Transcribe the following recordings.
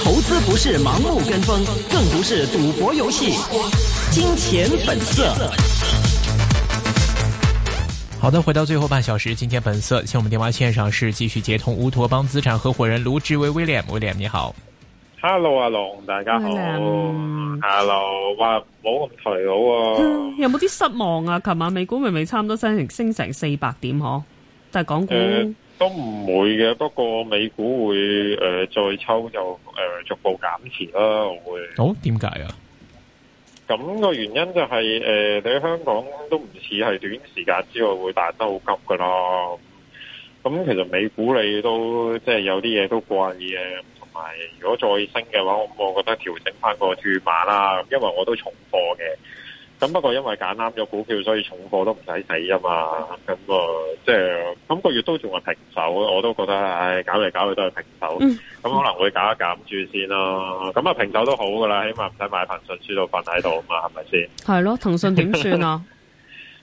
投資不是盲目跟風，更不是賭博遊戲。金錢本色。好的，回到最後半小時，今天本色，請我們電話線上是繼續接通烏托邦資產合夥人盧志威威廉。威廉，你好。Hello，阿龍，大家好。Hello，哇，冇咁頹好。有冇啲失望啊？琴晚美股明明差唔多升成升成四百點，嗬，但係港股、uh.。都唔會嘅，不過美股會誒、呃、再抽就誒、呃、逐步減持啦，我會。好、哦，點解啊？咁個原因就係、是、誒、呃，你香港都唔似係短時間之內會彈得好急噶啦。咁、嗯、其實美股你都即係有啲嘢都貴嘅，同埋如果再升嘅話，我覺得調整翻個注碼啦，因為我都重貨嘅。咁不過因為揀啱咗股票，所以重貨都唔使死啊嘛！咁啊、呃，即係今、今個月都仲係平手，我都覺得唉，搞嚟搞去都係平手，咁、嗯嗯、可能會搞一減住先啦咁啊，平手都好噶啦，起碼唔使買騰訊輸到瞓喺度啊嘛，係咪先？係咯，騰訊點算啊？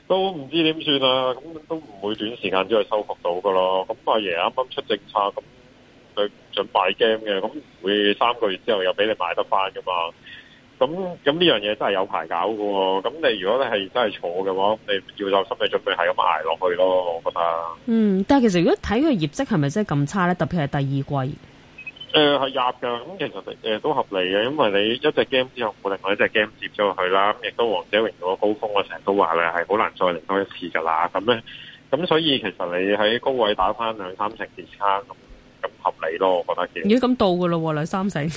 都唔知點算啊！咁都唔會短時間之後收復到噶咯。咁阿爺啱啱出政策，咁佢唔准買 game 嘅，咁會三個月之後又俾你買得翻噶嘛？咁咁呢樣嘢真係有排搞喎。咁你如果你係真係坐嘅話，你要有心理準備係咁挨落去咯，我覺得。嗯，但係其實如果睇佢業績係咪真係咁差咧？特別係第二季。誒係弱嘅，咁其實誒、呃、都合理嘅，因為你一隻 game 之後，我另外一隻 game 接咗落去啦，咁亦都王者榮耀嘅高峰我成日都話咧係好難再嚟多一次噶啦，咁咧咁所以其實你喺高位打翻兩三成跌差咁咁合理咯，我覺得。如果咁到嘅咯，兩三成。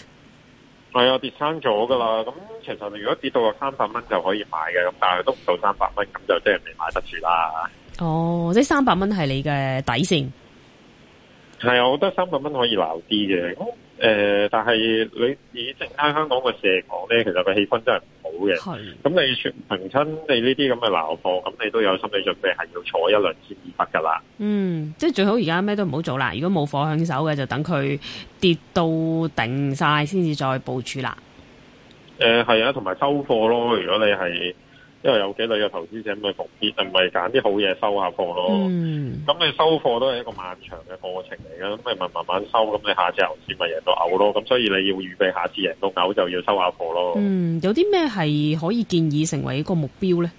係、哎、啊，跌生咗噶啦。咁其實如果跌到個三百蚊就可以買嘅，咁但係都唔到三百蚊，咁就即係未買得住啦。哦，即係三百蚊係你嘅底線。係啊，我覺得三百蚊可以留啲嘅。誒、呃，但係你以正喺香港嘅社港咧，其實個氣氛真係唔好嘅。係，咁你全憑親你呢啲咁嘅鬧貨，咁你都有心理準備係要坐一兩千二百噶啦。嗯，即係最好而家咩都唔好做啦。如果冇貨喺手嘅，就等佢跌到定晒先至再部署啦。誒、呃，係啊，同埋收貨咯。如果你係。因為有幾類嘅投資者，咪逢跌，咪係揀啲好嘢收下貨咯。咁、嗯、你收貨都係一個漫長嘅過程嚟㗎，咁你咪慢慢收。咁你下次牛市咪贏到嘔咯。咁所以你要預備，下次贏到嘔就要收下貨咯。嗯，有啲咩係可以建議成為一個目標咧？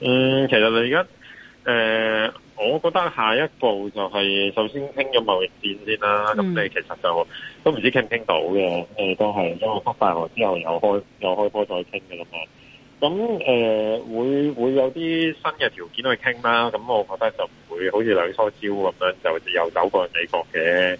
嗯，其實你而家，誒、呃，我覺得下一步就係首先傾咗貿易戰先啦。咁、嗯、你其實就都唔知傾唔傾到嘅。誒，都係因為我出大學之後又開又開波再傾㗎啦嘛。咁誒、呃、會會有啲新嘅條件去傾啦，咁我覺得就唔會好似兩初招咁樣，就自由走過去美國嘅。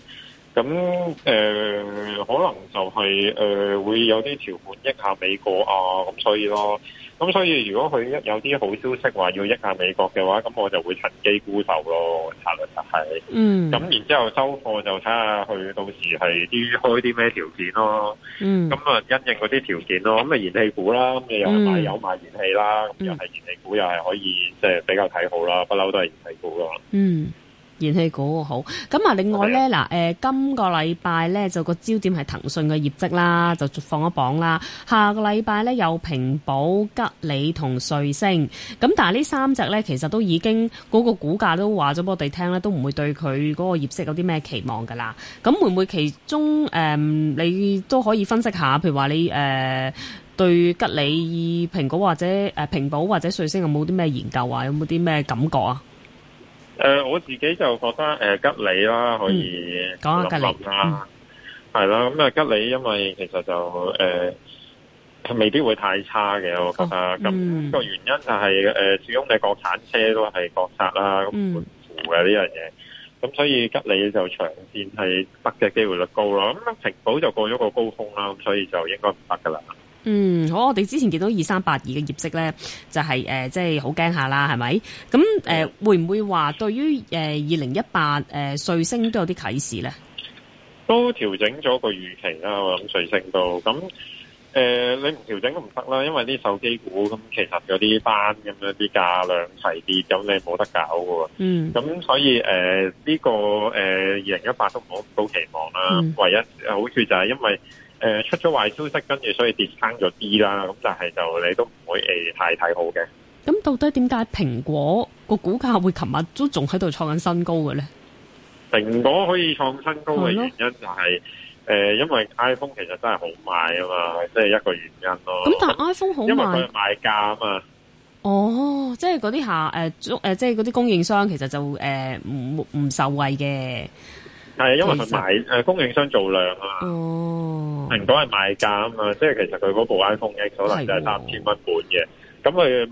咁誒、呃、可能就係、是、誒、呃、會有啲條款益一下美國啊，咁所以咯。咁所以如果佢一有啲好消息話要一下美國嘅話，咁我就會趁機沽售咯，策略就係。嗯。咁然之後收貨就睇下佢到時係啲開啲咩條件咯。嗯。咁啊，因應嗰啲條件咯，咁啊，燃氣股啦，咁你又賣油、嗯、賣燃氣啦，又係燃氣股、嗯、又係可以即係比較睇好啦，不嬲都係燃氣股噶嘛。嗯。燃氣股好，咁啊，另外呢，嗱，誒，今個禮拜呢，就個焦點係騰訊嘅業績啦，就放一榜啦。下個禮拜呢，有平保、吉利同瑞星，咁但係呢三隻呢，其實都已經嗰、嗰個股價都話咗俾我哋聽咧，都唔會對佢嗰個業績有啲咩期望噶啦。咁會唔會其中誒、呃，你都可以分析下，譬如話你誒、呃、對吉利、蘋果或者誒平、呃、保或者瑞星有冇啲咩研究啊？有冇啲咩感覺啊？誒，我自己就覺得誒，吉利啦可以落伍啦，係啦，咁啊吉利，因為其實就誒，佢未必會太差嘅，我覺得咁個原因就係誒，始終你國產車都係國策啦，咁護嘅呢樣嘢，咁所以吉利就長線係得嘅機會率高咯，咁啊，平保就過咗個高峰啦，咁所以就應該唔得噶啦。嗯，好，我哋之前見到二三八二嘅業績咧，就係即係好驚下啦，係、呃、咪？咁、就、誒、是呃，會唔會話對於誒二零一八瑞星都有啲啟示咧？都調整咗個預期啦，我諗瑞星度咁、呃、你唔調整都唔得啦，因為啲手機股咁，其實嗰啲班咁樣啲價量齊跌，咁你冇得搞嘅喎。嗯。咁所以呢、呃這個誒二零一八都唔好高期望啦、嗯。唯一好處就係因為。誒，出咗壞消息，跟住所以跌翻咗啲啦。咁但係就你都唔會誒太睇好嘅。咁到底點解蘋果個股價會琴日都仲喺度創緊新高嘅咧？蘋果可以創新高嘅原因就係、是、誒，因為 iPhone 其實真係好賣啊嘛，即係一個原因咯。咁但係 iPhone 好賣，因為佢係買價啊嘛。哦，即係嗰啲下誒，誒、呃，即係嗰啲供應商其實就誒唔唔受惠嘅。係因為佢買誒、呃、供應商做量啊嘛。哦蘋果係賣價啊嘛，即係其實佢嗰部 iPhone X 可能就係三千蚊半嘅，咁佢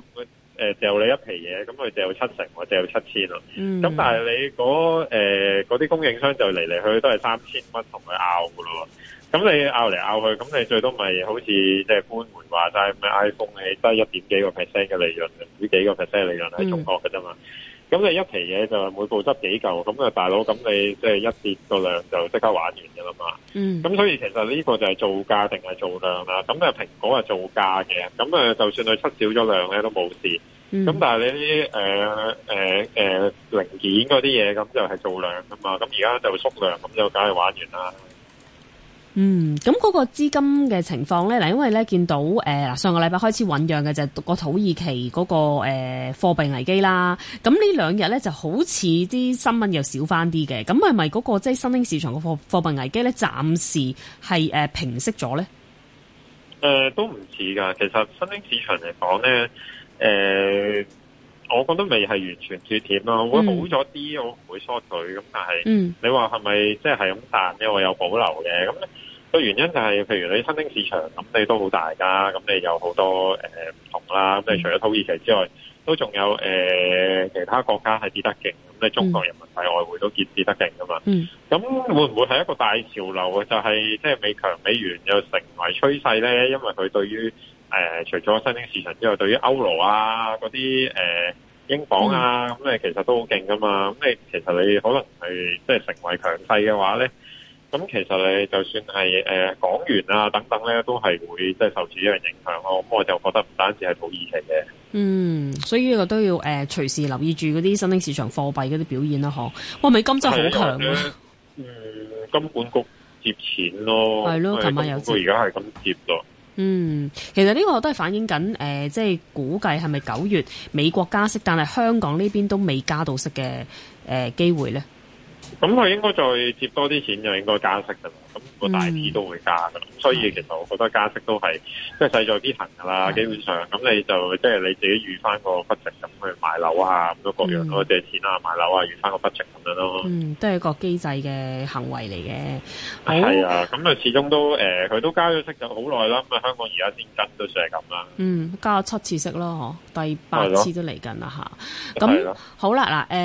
誒掉你一皮嘢，咁佢掉七成，掉七千咯。咁 但係你嗰誒啲供應商就嚟嚟去去都係三千蚊同佢拗噶咯。咁你拗嚟拗去，咁你最多咪好似即係官媒話齋，咪、就是、iPhone 你得一點幾個 percent 嘅利潤，呢知 幾個 percent 利潤喺中國噶啫嘛。咁、嗯、你一皮嘢就每部執幾嚿，咁啊大佬，咁你即係一跌個量就即刻玩完噶啦嘛。咁、嗯、所以其實呢個就係造價定係造量啦。咁啊蘋果係造價嘅，咁啊就算佢出少咗量咧都冇事。咁、嗯、但係你啲、呃呃呃、零件嗰啲嘢，咁就係造量噶嘛。咁而家就縮量，咁就梗係玩完啦。嗯，咁嗰個資金嘅情況呢，嗱，因為呢見到誒、呃，上個禮拜開始醞釀嘅就個土耳其嗰、嗰個誒貨幣危機啦，咁呢兩日呢，就好似啲新聞又少翻啲嘅，咁係咪嗰個即係、就是、新興市場嘅貨貨幣危機呢，暫時係誒、呃、平息咗呢？誒、呃，都唔似噶，其實新興市場嚟講呢。誒、呃。我覺得未係完全絕巔咯，會好咗啲、嗯，我唔會疏遠。咁但係，你話係咪即係係咁彈？我有保留嘅。咁呢個原因就係，譬如你新興市場，咁你都好大噶，咁你有好多呃、唔同啦。咁你除咗土耳其之外，都仲有誒、呃、其他國家係跌得勁。咁你中國人民幣外匯都跌跌得勁噶嘛？咁會唔會係一個大潮流啊？就係即係美強美元又成為趨勢咧？因為佢對於誒、呃，除咗新興市場之外，對於歐羅啊、嗰啲誒英鎊啊，咁你其實都好勁噶嘛。咁你其實你可能係即係成為強勢嘅話咧，咁其實你就算係誒、呃、港元啊等等咧，都係會即係受住一樣影響咯。咁我就覺得唔單止係土耳其嘅。嗯，所以呢個都要誒隨、呃、時留意住嗰啲新興市場貨幣嗰啲表現咯，嗬。哇，美金真係好強啊！嗯、呃，金管局接錢咯，係咯，琴晚有錢，佢而家係咁接咯。嗯，其實呢個都係反映緊，誒、呃，即係估計係咪九月美國加息，但係香港呢邊都未加到息嘅誒機會咧。咁佢應該再接多啲錢，就應該加息嘅。咁個大市都會加噶，咁所以其實好多加息都係即係勢在必行噶啦，基本上咁你就即係、就是、你自己預翻個不值，咁去買樓啊，咁都各樣咯、嗯。借錢啊、買樓啊，預翻個不值咁樣咯。嗯，都係一個機制嘅行為嚟嘅。係、嗯、啊，咁啊始終都誒，佢、呃、都加咗息咗好耐啦，咁啊香港而家先跟都算係咁啦。嗯，加咗七次息咯，第八次都嚟緊啦吓。咁好啦，嗱，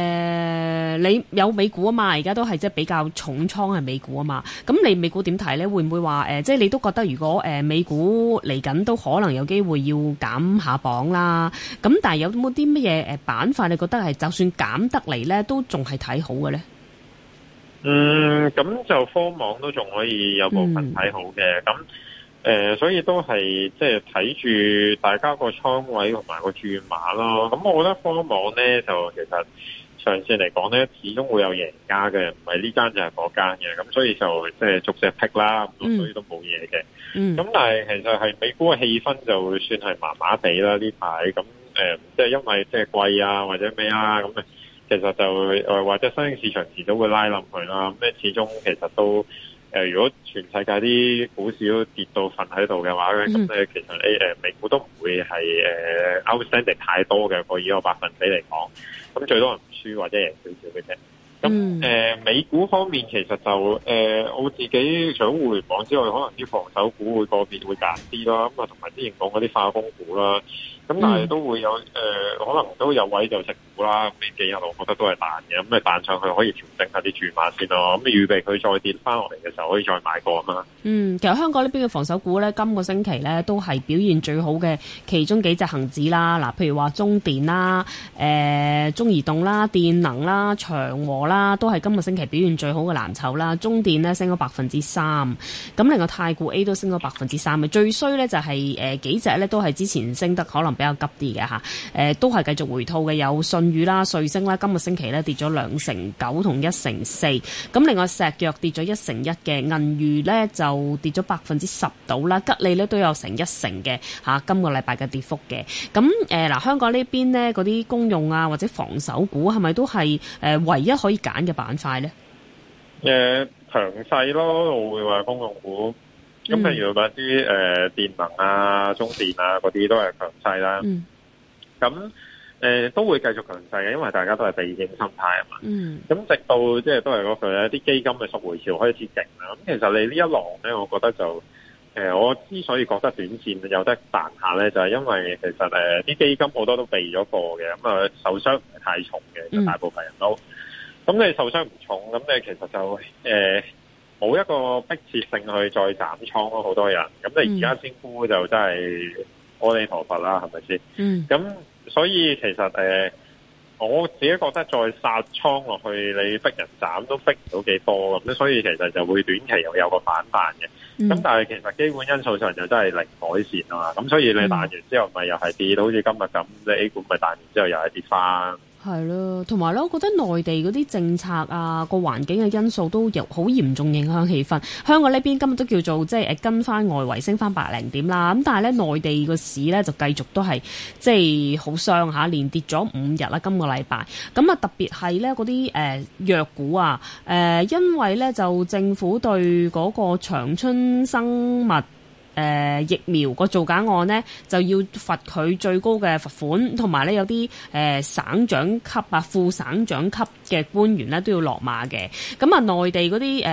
誒，你有美股啊嘛，而家都係即係比較重倉係美股啊嘛，咁你。美股點睇呢？會唔會話誒、呃，即係你都覺得如果誒、呃、美股嚟緊都可能有機會要減下磅啦？咁但係有冇啲乜嘢誒板塊你覺得係就算減得嚟呢，都仲係睇好嘅呢？嗯，咁就科網都仲可以有部分睇好嘅。咁、嗯、誒、呃，所以都係即係睇住大家個倉位同埋個注碼咯。咁我覺得科網呢，就其實上次嚟講咧，始終會有贏家嘅，唔係呢間就係嗰間嘅，咁所以就即係逐隻 pick 啦，咁所以都冇嘢嘅。咁、嗯、但係其實係美股嘅氣氛就算係麻麻地啦，呢排咁誒，即係因為即係貴啊或者咩啊咁，其實就或者新興市場遲早會拉冧佢啦。咁咧始終其實都。誒，如果全世界啲股市都跌到瞓喺度嘅話，咁、嗯、咧其實美股都唔會係誒 outstanding 太多嘅，我以我百分比嚟講，咁最多人輸或者贏少少嘅啫。咁誒、呃、美股方面其實就誒、呃、我自己除咗互聯網之外，可能啲防守股會嗰邊會淡啲咯。咁啊，同埋之前講嗰啲化工股啦，咁但係都會有誒、呃，可能都有位就食股啦。呢幾日我覺得都係彈嘅，咁咪彈上去可以調整一下啲注碼先咯。咁預備佢再跌翻落嚟嘅時候，可以再買過啊嘛。嗯，其實香港呢邊嘅防守股咧，今個星期咧都係表現最好嘅其中幾隻恆指啦。嗱，譬如話中電啦、呃、中移動啦、電能啦、長和啦。啦，都係今個星期表現最好嘅藍籌啦。中電呢升咗百分之三，咁另外太古 A 都升咗百分之三嘅。最衰呢就係誒幾隻呢都係之前升得可能比較急啲嘅，吓，誒都係繼續回吐嘅，有舜宇啦、瑞聲啦，今個星期呢跌咗兩成九同一成四，咁另外石藥跌咗一成一嘅，銀娛呢就跌咗百分之十到啦，吉利呢都有成一成嘅，吓，今個禮拜嘅跌幅嘅，咁誒嗱香港呢邊呢嗰啲公用啊或者防守股係咪都係誒唯一可以揀嘅板塊咧，誒強勢咯，我會話公用股。咁譬如買啲誒電能啊、中電啊嗰啲都係強勢啦。咁、嗯、誒、呃、都會繼續強勢嘅，因為大家都係避險心態啊嘛。咁、嗯、直到即係、就是、都係嗰句咧，啲基金嘅贖回潮開始勁啦。咁其實你這一呢一浪咧，我覺得就誒、呃，我之所以覺得短線有得彈下咧，就係、是、因為其實誒啲、呃、基金好多都避咗貨嘅，咁啊受傷唔係太重嘅，嗯、大部分人都。咁你受傷唔重，咁你其實就誒冇、欸、一個迫切性去再斬倉咯，好多人。咁你而家先沽就真係阿彌陀佛啦，係咪先？嗯。咁所以其實誒、欸，我自己覺得再殺倉落去，你逼人斬都逼唔到幾多咁，所以其實就會短期又有個反彈嘅。咁、嗯、但係其實基本因素上就真係零改善啊嘛。咁所以你彈完之後咪又係跌到，好似今日咁，即、嗯、A 股咪彈完之後又係跌翻。係咯，同埋咧，我覺得內地嗰啲政策啊，個環境嘅因素都有好嚴重影響氣氛。香港呢邊今日都叫做即係、誒、跟翻外圍升翻百零點啦，咁但係咧內地個市咧就繼續都係即係好傷下連跌咗五日啦、啊，今個禮拜咁啊特別係咧嗰啲誒藥股啊、誒、呃、因為咧就政府對嗰個長春生物，誒疫苗個造假案呢，就要罰佢最高嘅罰款，同埋呢，有啲誒省長級啊、副省長級嘅官員呢，都要落馬嘅。咁啊、呃，內地嗰啲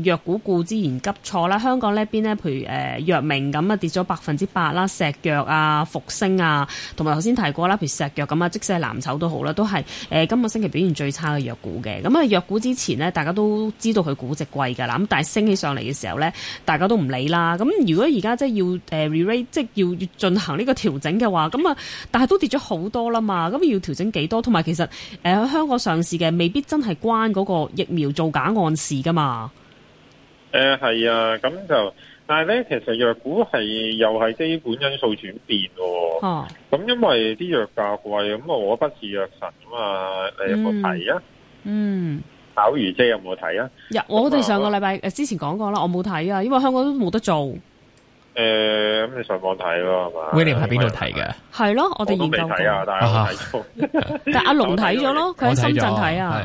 誒藥股固然急挫啦，香港呢一邊呢，譬如誒、呃、藥明咁啊跌咗百分之八啦，石藥啊、復星啊，同埋頭先提過啦，譬如石藥咁啊，即使係藍籌都好啦，都係誒、呃、今個星期表現最差嘅藥股嘅。咁啊，藥股之前呢，大家都知道佢估值貴㗎啦，咁但係升起上嚟嘅時候呢，大家都唔理啦。咁如果而家即係要誒 re-rate 即係要要進行呢個調整嘅話，咁啊，但係都跌咗好多啦嘛，咁要調整幾多？同埋其實誒、呃，香港上市嘅未必真係關嗰個疫苗造假案事噶嘛？誒、呃、係啊，咁就但係咧，其實藥股係又係基本因素轉變咁、啊啊、因為啲藥價貴，咁我不是藥神嘛？你有冇睇啊？嗯、巧、嗯、如姐有冇睇啊？我我哋上個禮拜誒之前講過啦，我冇睇啊，因為香港都冇得做。誒、嗯，咁你上網睇咯係嘛？William 喺邊度睇嘅？係咯，我哋研究過，都未睇啊，但係睇咗。 但阿龍睇咗咯，佢 喺深圳睇啊。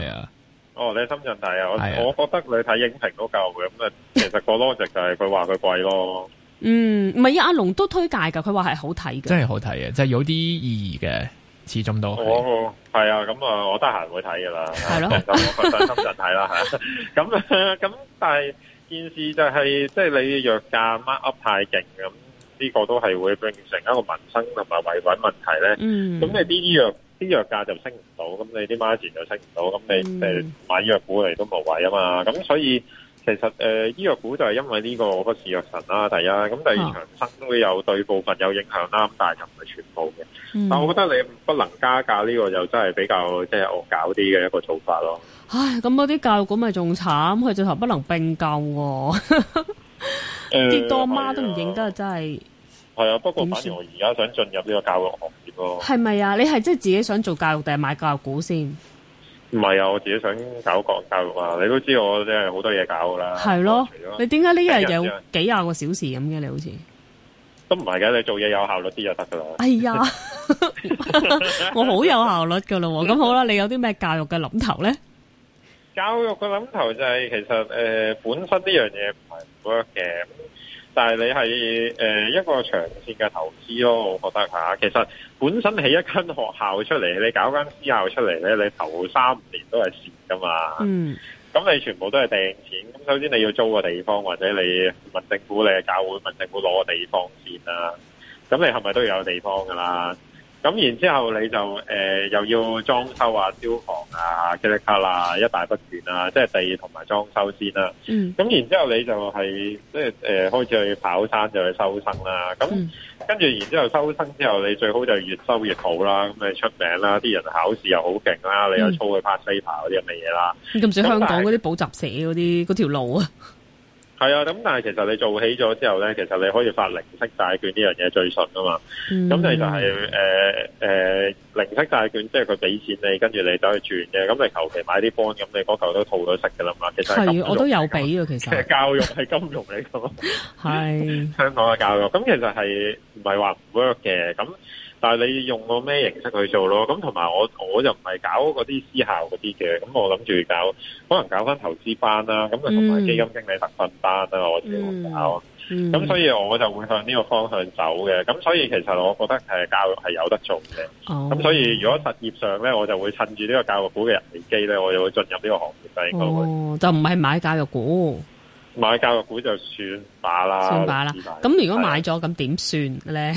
哦，你喺深圳睇啊？我我覺得你睇影評、 嗯就是、都夠嘅，咁、哦哦、啊，其實個 logic 就係佢話佢貴咯。嗯，唔係啊，阿龍都推介噶，佢話係好睇嘅。真係好睇嘅，即係有啲意義嘅，始終都係。係啊，咁啊，我得閒會睇噶啦。係咯，就我深圳睇啦咁咁，但係。件事就係即係你藥價 mark up 太勁咁，呢個都係會變成一個民生同埋維穩問題咧。咁、mm-hmm. 你啲藥啲藥價就升唔到，咁你啲 margin 就升唔到，咁你誒、mm-hmm. 買藥股嚟都無謂啊嘛。咁所以其實誒、呃、醫藥股就係因為呢、這個我不是藥神啦，第一。咁第二長生會有、oh. 對部分有影響啦，但係就唔係全部嘅。Mm-hmm. 但我覺得你不能加價呢、這個又真係比較即係惡搞啲嘅一個做法咯。唉，咁嗰啲教育股咪仲慘，佢最後不能並救喎、啊！啲多媽都唔認得，欸、真係。係啊，不過反而我而家想進入呢個教育行業咯、啊。係咪啊？你係即係自己想做教育，定係買教育股先？唔係啊，我自己想搞個教育啊！你都知道我即係好多嘢搞噶啦。係咯，你點解呢日有幾廿個小時咁嘅？你好似都唔係嘅，你做嘢有效率啲就得噶啦。哎呀， 我好有效率噶喎！咁 好啦，你有啲咩教育嘅諗頭咧？教育嘅諗頭就係、是、其實誒、呃、本身呢樣嘢唔係唔 work 嘅，但係你係誒、呃、一個長線嘅投資咯，我覺得吓、啊。其實本身起一間學校出嚟，你搞間私校出嚟咧，你頭三年都係蝕噶嘛。嗯，咁你全部都係掟錢，咁首先你要租個地方，或者你問政府，你教會、民政府攞個地方先啊。咁你係咪都要有地方噶啦？咁然之後你就誒、呃、又要裝修啊、消防啊、吉力卡啦、一大不斷啊，即係地同埋裝修先啦、啊。咁、嗯、然之後你就係即係誒開始去跑山就去收生啦、啊。咁跟住然之後、嗯、後收生之後，你最好就越收越好啦、啊。咁你出名啦、啊，啲人考試又好勁啦，你又粗去拍西排嗰啲咁嘅嘢啦。咁想香港嗰啲補習社嗰啲嗰條路啊！係啊，咁但係其實你做起咗之後咧，其實你可以發零息債券呢樣嘢最順啊嘛。咁、嗯、就係誒誒零息債券，即係佢俾錢著你，跟住你走去轉嘅。咁你求其買啲 bond 咁你嗰頭都套到食噶啦嘛。其實係，我都有俾啊，其實。其實教育係金融嚟㗎嘛，係。 香港嘅教育咁其實係唔係話唔 work 嘅咁。但係你用個咩形式去做咯？咁同埋我我就唔係搞嗰啲私校嗰啲嘅，咁我諗住搞，可能搞翻投資班啦、啊，咁啊同埋基金經理特訓班啦、啊嗯。我先會搞。咁、嗯、所以我就會向呢個方向走嘅。咁所以其實我覺得誒教育係有得做嘅。咁、哦、所以如果實業上咧，我就會趁住呢個教育股嘅危機咧，我就會進入呢個行業就應該、哦、就唔係買教育股，買教育股就算罷啦。算罷啦。咁、嗯、如果買咗，咁點算咧？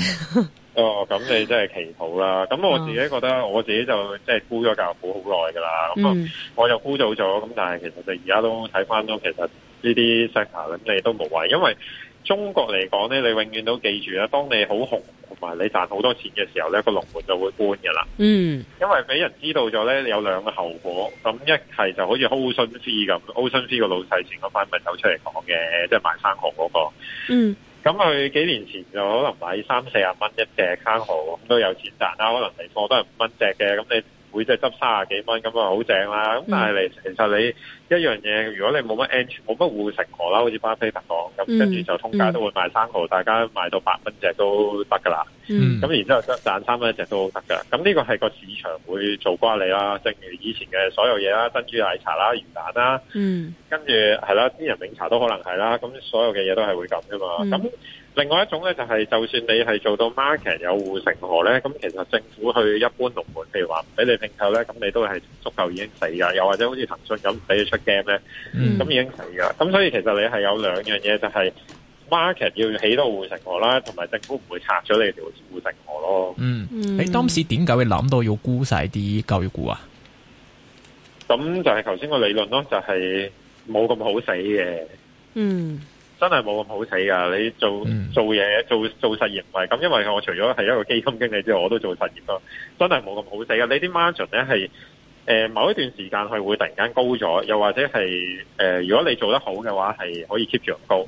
哦，咁你真係祈禱啦！咁我自己覺得，哦、我自己就即係沽咗教父好耐噶啦。咁、嗯、我就沽早咗，咁但係其實就而家都睇翻都其實呢啲 sector 咁你都無謂，因為中國嚟講咧，你永遠都記住啦。當你好紅同埋你賺好多錢嘅時候，呢、個龍門就會搬噶啦。嗯，因為俾人知道咗咧，有兩個後果。咁一係就好似 Ocean Fee 咁 Ocean Fee 個老細前嗰班咪走出嚟講嘅，即係賣生紅嗰、嗰個。嗯。咁佢幾年前就可能買三四廿蚊一隻卡號，咁都有錢賺啦。可能嚟貨都係五蚊隻嘅，咁你。會即係執三十幾蚊咁啊，好正啦！咁、嗯、但係你其實你一樣嘢，如果你冇乜 n 冇乜護城河啦，好似巴菲特講咁、嗯，跟住就通街都會賣生蠔，大家賣到八蚊隻都得噶啦。咁、嗯、然之後賺三蚊一隻都得噶。咁呢個係個市場會做瓜你啦，正如以前嘅所有嘢啦，珍珠奶茶啦、魚蛋啦，嗯、跟住係啦，天仁茗茶都可能係啦。咁所有嘅嘢都係會咁噶嘛。咁、嗯另外一種咧，就係、是、就算你係做到 market 有護城河咧，咁其實政府去一搬龍門，譬如話唔俾你併購咧，咁你都係足夠已經死噶，又或者好似騰訊咁唔俾你出 game 咧，咁、嗯、已經死噶。咁所以其實你係有兩樣嘢，就係、是、market 要起到護城河啦，同埋政府唔會拆咗你條護城河咯。嗯，你、欸、當時點解會諗到要沽晒啲教育股啊？咁就係頭先個理論咯，就係冇咁好死嘅。嗯。真係冇咁好死噶，你做做嘢做做實驗唔係咁，因為我除咗係一個基金經理之外，我都做實驗咯。真係冇咁好死噶，你啲 margin 咧係誒某一段時間佢會突然間高咗，又或者係誒、呃、如果你做得好嘅話，係可以 keep 住咁高。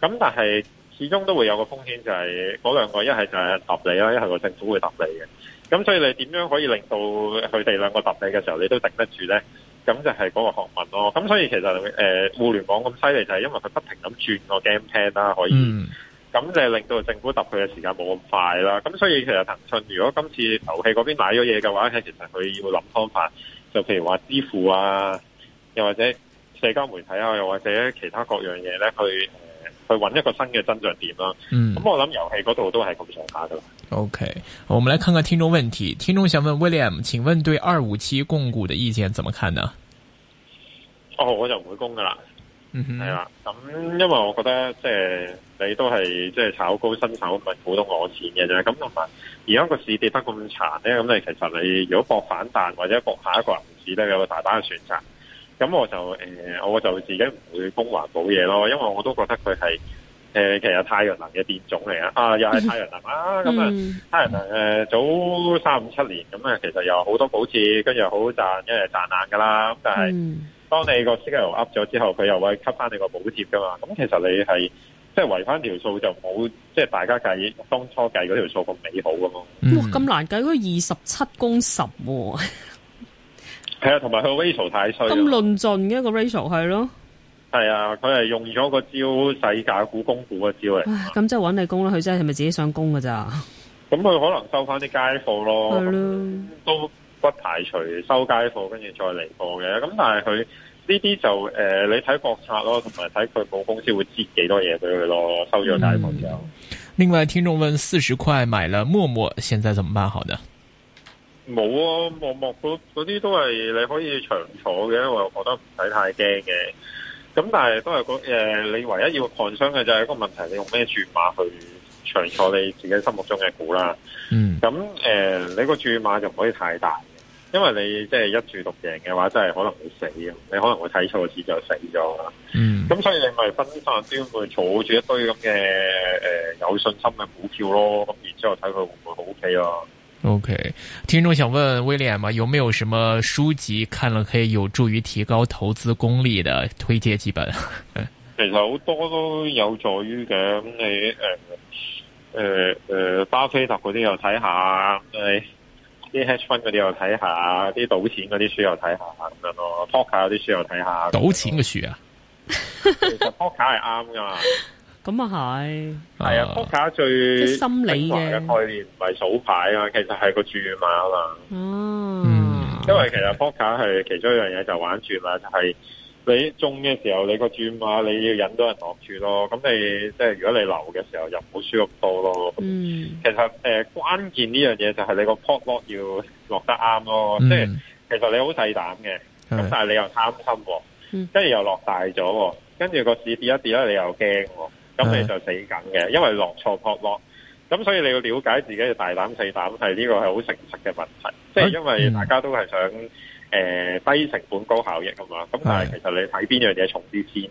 咁但係始終都會有個風險、就是，就係嗰兩個一係就係揼你啦，一係個政府會揼你嘅。咁所以你點樣可以令到佢哋兩個揼你嘅時候，你都頂得住咧？咁就係嗰個學問咯，咁所以其實誒、呃、互聯網咁犀利就係因為佢不停咁轉個 game plan 啦，可以，咁、mm. 就係令到政府揼佢嘅時間冇咁快啦。咁所以其實騰訊如果今次遊戲嗰邊買咗嘢嘅話，係其實佢要諗方法，就譬如話支付啊，又或者社交媒體啊，又或者其他各樣嘢咧去誒、呃、去揾一個新嘅增長點啦。咁、mm. 我諗遊戲嗰度都係咁上下嘅。OK，我們來看看聽眾問題。聽眾想問 William，請問對二五七供股的意見怎麼看呢？哦、oh,，我就唔會供噶啦，係、mm-hmm. 啦。咁因為我覺得即係你都係即係炒高新手，咪股東攞錢嘅啫。咁同埋而家個市跌得咁殘咧，咁你其實你如果搏反彈或者搏下一個牛市咧，有個大單嘅選擇。咁我就誒、呃，我就自己唔會供環保嘢咯，因為我都覺得佢係。誒、啊啊嗯，其實有太陽能嘅變種嚟啊，啊又係太陽能啦，咁啊太陽能誒早三五七年咁啊，其實又好多補貼，跟住又好賺，因為賺硬噶啦。但係當你個息率 up 咗之後，佢又會吸翻你個補貼噶嘛。咁其實你係即係圍翻條數就冇，即係大家計當初計嗰條數咁美好噶嘛、嗯。哇，咁難計佢二十七公十。係、那個、啊，同 埋、那個 ratio 太細。咁論盡嘅一個 ratio 係咯。係啊，佢係用咗個招使假股、攻股嘅招嚟。咁即係揾你供咯，佢真係係咪自己想供嘅咋？咁佢可能收翻啲街貨咯，都不排除收街貨，跟住再嚟過嘅。咁但係佢呢啲就誒、呃，你睇國策咯，同埋睇佢母公司會接幾多嘢俾佢咯，收咗大盤之後。另外，聽眾問：四十塊買了陌陌，現在怎麼辦好的？好？的冇啊，陌陌嗰啲都係你可以長坐嘅，我又覺得唔使太驚嘅。咁但係都係講，誒、呃，你唯一要擴商嘅就係一個問題，你用咩注碼去長坐你自己心目中嘅股啦？嗯，咁誒、呃，你個注碼就唔可以太大，因為你即係一注獨贏嘅話，真係可能會死啊！你可能會睇錯字就死咗啦，嗯，咁所以你咪分散啲去坐住一堆咁嘅誒，有信心嘅股票咯，咁然之後睇佢會唔會好 OK 啊？OK，聽眾想問威廉嘛？有冇有什麼書籍看了可以有助於提高投資功力嘅推薦幾本？其實好多都有助於嘅，咁你誒誒誒，巴菲特嗰啲又睇下，啲、呃、Hedge Fund 嗰啲又睇下，啲賭錢嗰啲書又睇下咁樣咯，撲克啲書又睇下。賭錢嘅書啊？其實撲克係啱噶嘛。 咁啊係，係啊！撲、啊、克、啊、最心理嘅概念唔係數牌啊，其實係個轉碼啊嘛。為、啊、嗯，因為其實撲克係其中一樣嘢就玩轉碼就係、是、你中嘅時候你個轉碼你要引到人落住咯。咁你即係如果你留嘅時候又唔好輸咁多咯。嗯、其實誒、呃、關鍵呢樣嘢就係你個 pot lock 要落得啱咯。嗯、即係其實你好細膽嘅，咁但係你又貪心，跟、嗯、住又落大咗，跟住個市跌一跌咧，你又驚。咁你就死梗嘅，因為落錯撲落，咁所以你要了解自己嘅大膽細膽，係呢個係好誠實嘅問題，即係、就是、因為大家都係想誒、嗯呃、低成本高效益啊嘛，咁但係其實你睇邊樣嘢重啲先。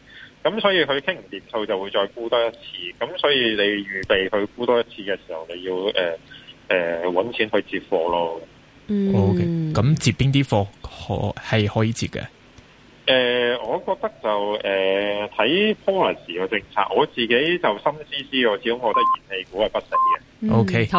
咁、嗯、所以佢傾唔掂數就會再沽多一次，咁所以你預備去沽多一次嘅時候，你要誒誒揾錢去接貨咯。嗯，好、okay. 嘅，咁接邊啲貨可係可以接嘅？誒、呃，我覺得就誒睇、呃、policy 嘅政策，我自己就心思思我，始終覺得燃氣股係不死嘅。嗯、o、okay. K，